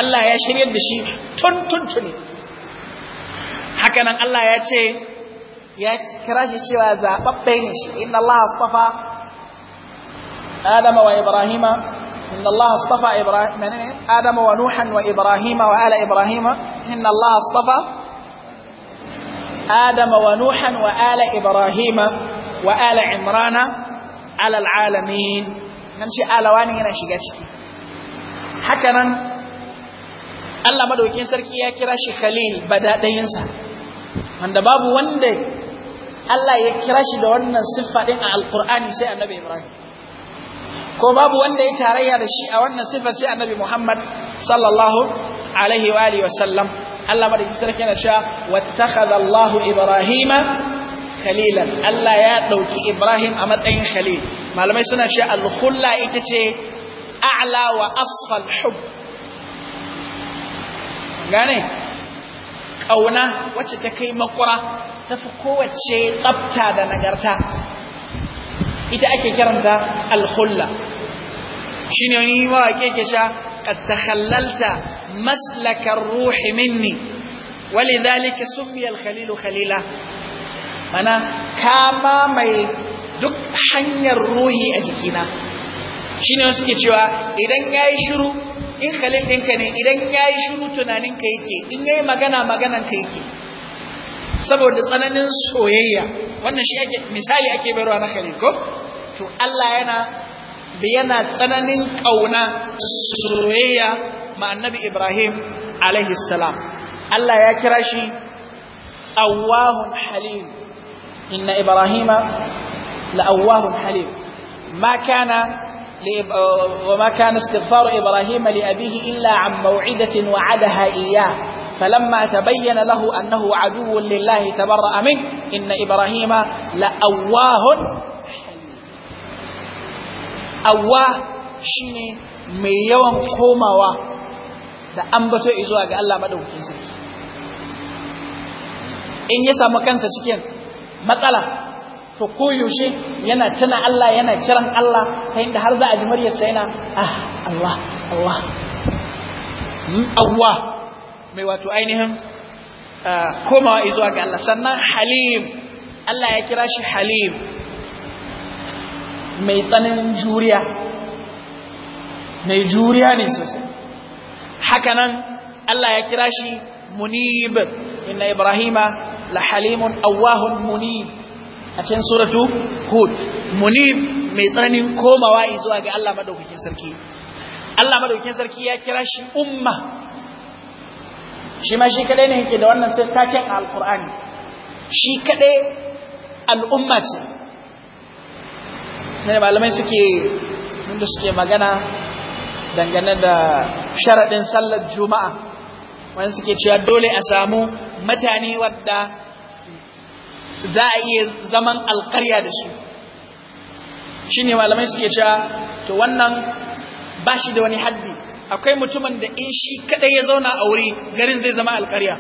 Allah ya shiryar da shi tun tun tuni hakanan Allah ya ce ya kira shi cewa zaɓaɓɓe ne shi inna Allah astafa Adama wa Ibrahima inna Allah astafa Ibrahim ne Adama wa Nuhan wa Ibrahima wa ala Ibrahima inna Allah astafa Adama wa Nuhan wa ala Ibrahima wa ala Imrana ala alalamin nan shi alawa ne yana shiga ciki haka nan Allah madaukin sarki ya kira shi Khalil bada ɗayansa wanda babu wanda Allah ya kira shi da wannan siffa din a Alƙur'ani sai annabi Ibrahim ko babu wanda ya tarayya da shi a wannan siffa sai annabi Muhammad sallallahu alaihi wa alihi wasallam Allah madaki sarki yana cewa wattakhadha Allah Ibrahima khalilan Allah ya ɗauki Ibrahim a matsayin khalil malamai suna cewa al-khulla ita ce a'la wa asfal hub gane ƙauna wacce ta kai makura tafi kowace tsafta da nagarta ita ake kiranta alhulla shi ne wani wa ke sha قد تخللت ruhi الروح wali dalika سمي Khalilu Khalila? mana kama mai duk hanyar ruhi a jikina shi ne suke cewa idan ya yi shiru in khalil ɗinka ne idan ya yi shiru tunaninka yake in ya yi magana magananka yake saboda tsananin soyayya wannan shi ake misali ake bayarwa na khalil ko to Allah yana da yana tsananin kauna soyayya ma annabi Ibrahim alaihi salam Allah ya kira shi awwahun halim inna ibrahima la awwahun halim ma kana وما كان استغفار إبراهيم لأبيه إلا عن موعدة وعدها إياه فلما تبين له أنه عدو لله تبرأ منه إن إبراهيم لأواه أواه شيني mai yawan komawa da ambato zuwa ga Allah madaukakin sarki in ya samu kansa cikin matsala to koyaushe yana tuna Allah yana kiran Allah ta yadda har za a ji muryarsa yana ah Allah Allah Allah mai wato ainihin wa izuwa ga Allah sannan halim Allah ya kira shi halim mai tsananin juriya mai juriya ne sosai hakanan Allah ya kira shi munib inna ibrahima la halimun awahun munib a cikin suratu hud munib mai tsananin komawa izuwa ga Allah madaukakin sarki Allah madaukakin sarki ya kira shi umma shi ma shi kadai ne yake da wannan sai a alqur'ani shi kadai al'umma ce ne malamai suke inda suke magana dangane da sharaɗin sallar juma'a wani suke cewa dole a samu mutane wadda za a iya zaman alkarya da su shi ne malamai suke cewa to wannan ba shi da wani haddi akwai mutumin da in shi kadai ya zauna a wuri garin zai zama alƙarya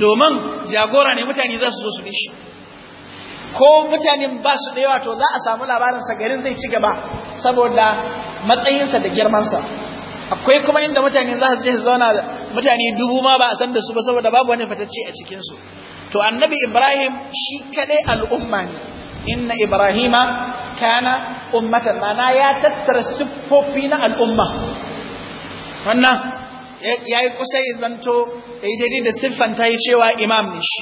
domin jagora ne mutane za su zo su bi shi ko mutane ba su da yawa to za a samu labarinsa garin zai ci gaba saboda matsayinsa da girmansa akwai kuma inda mutane za su je su zauna mutane dubu ma ba a san da su ba saboda babu wani fatacce a cikin su. to annabi ibrahim shi kadai al'umma ne inna ibrahima kana ummatan na ya tattara siffofi na al'umma wannan ya yi kusa zanto daidai da siffanta yi cewa imam ne shi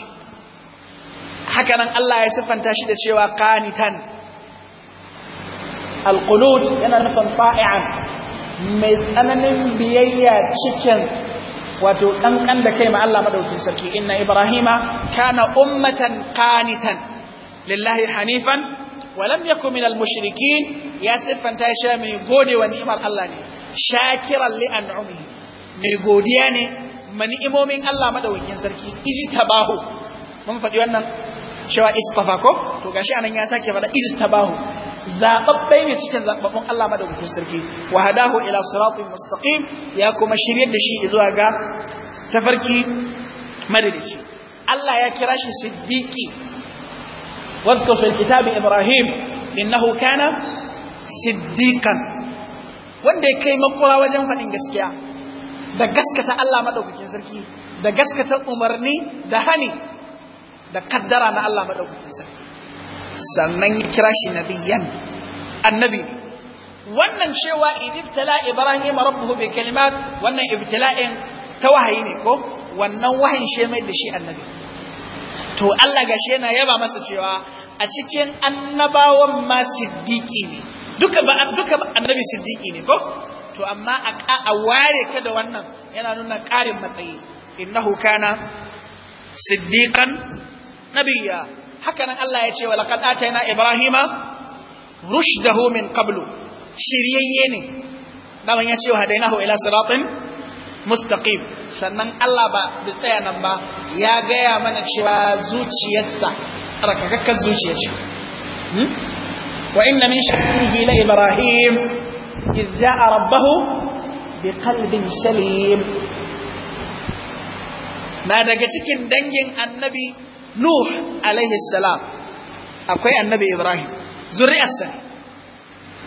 hakanan Allah ya siffanta shi da cewa qanitan alqunut yana nufin fa'ian mai tsananin biyayya cikin wato ɗanƙan da kai ma Allah madaukin sarki inna ibrahima kana ummatan kanitan lillahi hanifan wa mushiriki ya minal ya siffanta shi mai gode wa ni'imar Allah ne shakiran li umi. mai godiya ne mani'imomin Allah madaukakin sarki ijtabahu mun faɗi wannan cewa istafa ko to gashi anan ya sake faɗa ijtabahu zababbe mai cikin zaɓaɓɓun, Allah madaukakin sarki wa hadahu ila siratin mustaqim ya kuma shiryar da shi zuwa ga tafarki madalici Allah ya kira shi siddiqi wadka fil kitabi ibrahim innahu kana siddiqan wanda ya kai makura wajen faɗin gaskiya da gaskata Allah maɗaukakin sarki da gaskata umarni da hani da kaddara na Allah maɗaukakin sarki sannan ya kira shi nabiyan annabi wannan cewa ibtila ibrahim rabbuhu bi kalimat wannan ibtila'in ta wahayi ne ko wannan wahayin shi mai da shi annabi to Allah gashi yana yaba masa cewa a cikin annabawan ma siddiqi ne duka ba duka annabi siddiqi ne ko to amma a ware ka da wannan yana nuna ƙarin matsayi innahu kana siddiqan nabiyya haka nan Allah ya ce wa laqad atayna ibrahima rushdahu min qablu shiryayye ne daman ya ce wa hadainahu ila siratin mustaqim sannan Allah ba da tsaya nan ba ya gaya mana cewa zuciyarsa tsarkakakkar zuciya ce hmm? وإن من شكله لإبراهيم إذ جاء ربه بقلب سليم na daga cikin dangin annabi Nuh alaihi salam akwai annabi Ibrahim zuri'arsa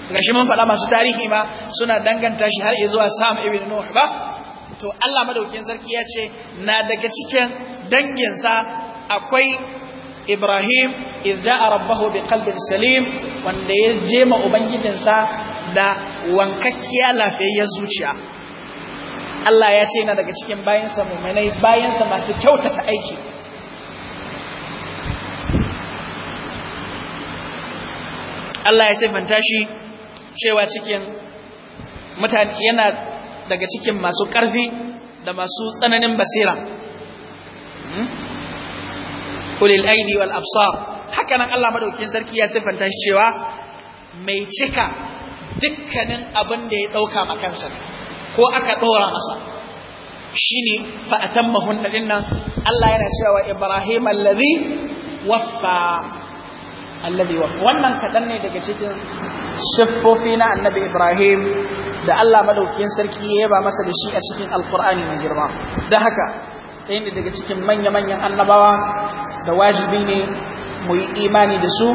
ne gashi mun faɗa masu tarihi ma suna danganta shi har zuwa Sam ibn Nuh ba to Allah madaukakin sarki ya ce na daga cikin danginsa akwai Ibrahim izza a rabbahu bi kalbin salim wanda ya je ma Ubangijinsa da wankakkiya lafiyayyar zuciya. Allah ya ce yana daga cikin bayansa mummunai bayansa masu kyautata aiki. Allah ya siffanta shi cewa cikin mutane yana daga cikin masu ƙarfi da masu tsananin basira. Hmm? ulil aidi wal absar hakanan Allah madaukakin sarki ya sifanta shi cewa mai cika dukkanin abin da ya dauka makansa ko aka dora masa shine fa atammahun dinnan Allah yana cewa Ibrahim allazi waffa allazi waffa wannan kadan ne daga cikin siffofi na annabi Ibrahim da Allah madaukakin sarki ya yaba masa da shi a cikin alkur'ani mai girma da haka ɗaya ne daga cikin manya-manyan annabawa da wajibi ne mu yi imani da su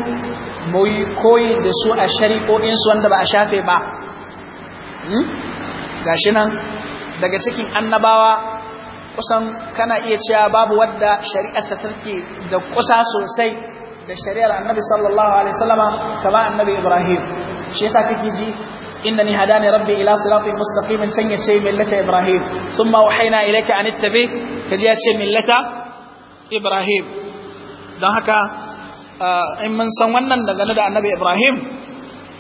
mu yi koyi da su a shari'o'insu wanda ba a shafe ba hmm? gashi nan daga cikin annabawa kusan kana iya cewa babu wadda shari'arsa take da kusa sosai da shari'ar annabi sallallahu alaihi kama annabi ibrahim shi yasa kake ji ni hadani rabbi ila siratin mustaqimin can yace millata ibrahim thumma wahayna ilayka an ittabi kaje yace millata ibrahim don haka eh, in mun san wannan daga da annabi ibrahim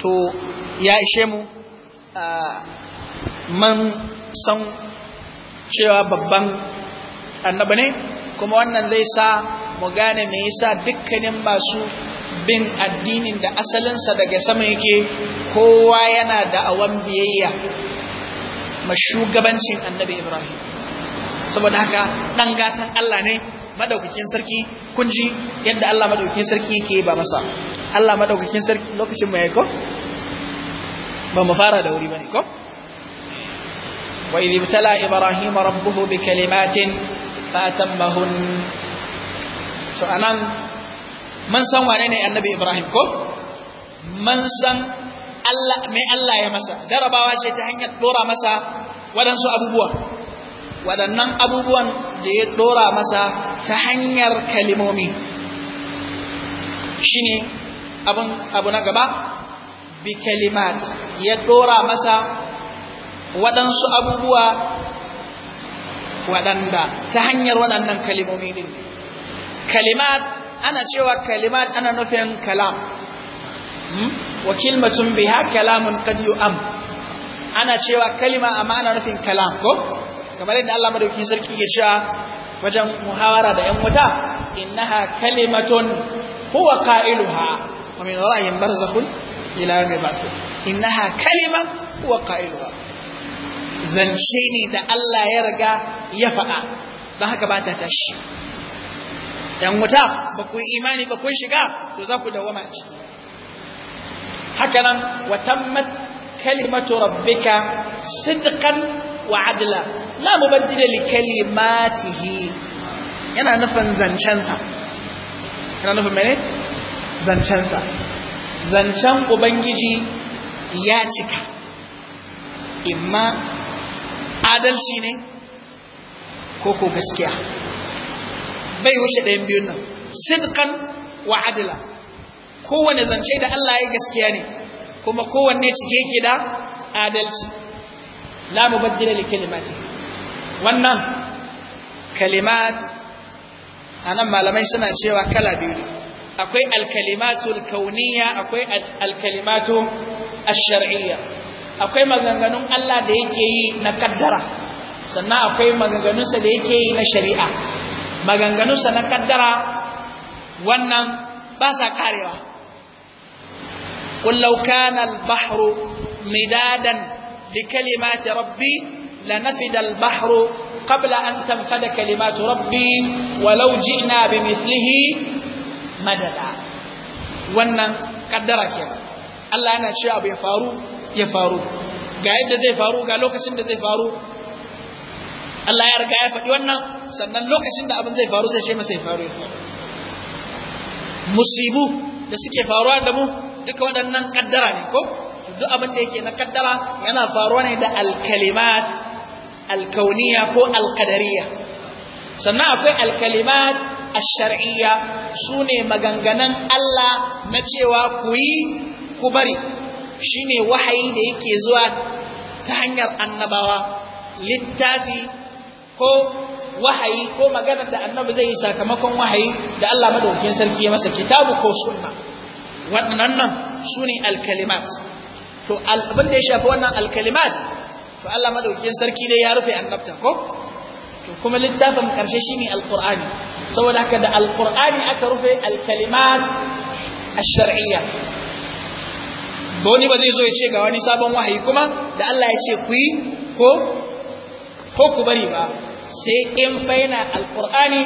to ya ishe mu eh, mun san cewa babban annabi ne kuma wannan zai sa mu gane me yasa dukkanin masu bin addinin da asalinsa daga sama yake kowa yana da awon biyayya mashugabancin annabi ibrahim saboda haka ɗan gatan allah ne madaukakin sarki kun ji yadda Allah madaukakin sarki yake ba masa Allah madaukakin sarki lokacin mai ko ba mu fara da wuri bane ko wa idh ibtala ibrahim rabbuhu bi kalimatin fa tammahun to anan man san wane ne annabi ibrahim ko man san Allah mai Allah ya masa jarabawa ce ta hanyar dora masa waɗansu abubuwa waɗannan abubuwan da ya dora masa ta hanyar kalimomi shine abin abu na gaba bi kalimat ya dora masa waɗansu abubuwa waɗanda ta hanyar waɗannan kalimomi ɗin kalimat ana cewa kalimat ana nufin kalam hmm? wa kilmatun biha kalamun qad yu'am ana cewa kalima amma ana nufin kalam ko kamar yadda Allah madauki sarki ya sha wajen muhawara da ‘yan wuta innaha kalimatun huwa qailuha wa min wara'ihim barzakhun ila yawmi ba'thun innaha kalima huwa qailuha zance ne da Allah ya riga ya faɗa Dan haka ba ta tashi ‘yan wuta ba ku imani ba kun shiga to za ku dawama a ciki haka nan watammat kalimatu rabbika sidqan wa adla la mubaddila li kalimatihi yana nufin zancensa yana nufin mene zancensa zancen ubangiji ya cika imma adalci ne ko ko gaskiya bai wuce ɗayan biyun nan sidqan wa adila kowane zance da Allah ya gaskiya ne kuma kowanne cike yake da adalci la mubaddila li kalimatihi wannan kalimat anan malamai suna cewa kala biyu akwai alkalimatul kauniya akwai alkalimatu ash-shar'iyya akwai maganganun Allah da yake yi na kaddara sannan akwai maganganunsa da yake yi na shari'a maganganunsa na kaddara wannan ba sa karewa qul law kana al-bahru midadan li kalimati rabbi لنفد البحر قبل أن تنفد كلمات ربي ولو جئنا بمثله مددا wannan kaddara kenan Allah yana cewa abu ya faru ya faru ga yadda zai faru ga lokacin da zai faru Allah ya riga ya faɗi wannan sannan lokacin da abin zai faru sai ce masa ya faru ya faru musibu da suke faruwa da mu duka waɗannan kaddara ne ko duk abin da yake na kaddara yana faruwa ne da alkalimat alkauniya ko alkadariya sannan akwai alkalimat ashar'iyya su ne maganganan Allah na cewa ku yi ku bari shi ne wahayi da yake zuwa ta hanyar annabawa littafi ko wahayi ko maganar da annabi zai yi sakamakon wahayi da Allah madaukakin sarki ya masa kitabu ko sunna waɗannan su ne alkalimat to abin da ya shafi wannan alkalimat to Allah madaukakin sarki dai ya rufe annabta ko to kuma littafin karshe shine alqur'ani saboda haka da alqur'ani aka rufe alkalimat ash-shar'iyya wani ba zai zo ya ce ga wani sabon wahayi kuma da Allah ya ce ku yi ko ko ku bari ba sai in fa yana alqur'ani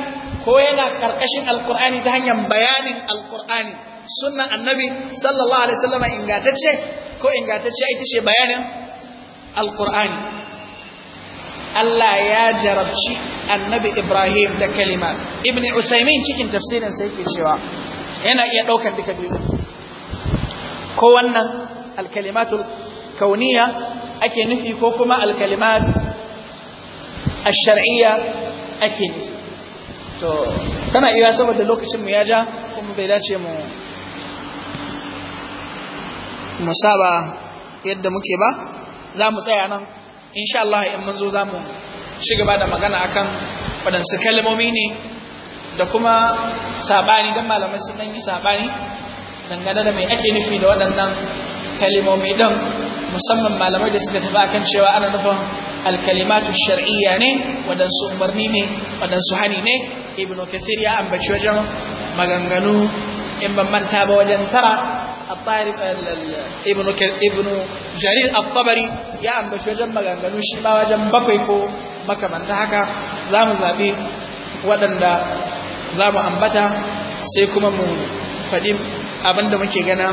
ko yana karkashin alqur'ani ta hanyar bayanin alqur'ani sunnan annabi sallallahu alaihi wasallam ingatacce ko ingatacce ita ce bayanin alkur'ani Allah ya jarabci annabi Ibrahim da kalima Ibn Usaimin cikin tafsirin sai ke cewa yana iya ɗaukar duka biyu ko wannan alkalimatul kauniya ake nufi ko kuma alkalimat ash-shar'iyya ake nufi to tana iya saboda lokacin mu ya ja kuma bai dace mu musaba yadda muke ba za mu tsaya nan insha Allah in mun zo za mu ci gaba da magana akan waɗansu kalmomi ne da kuma saɓani don malamai sun ɗan yi saɓani dangane da mai ake nufi da waɗannan kalmomi don musamman malamai da suka tafi akan cewa ana nufin alkalimatu shar'iyya ne waɗansu umarni ne waɗansu hani ne ibnu kasir ya ambaci wajen maganganu in ban manta ba wajen tara ibn ابن jarir جرير الطبري ya ambaci wajen maganganu shi ba wajen bakwai ko makamanta haka za mu zaɓi waɗanda za mu ambata sai kuma mu faɗi abinda muke gana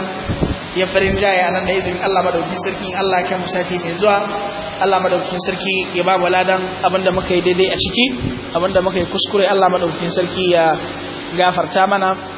ya farin jaye a nan da izinin Allah madauki sarki Allah kan musati mai zuwa Allah madauki sarki ya ba mu ladan abinda muka yi daidai a ciki abinda muka yi kuskure Allah madauki sarki ya gafarta mana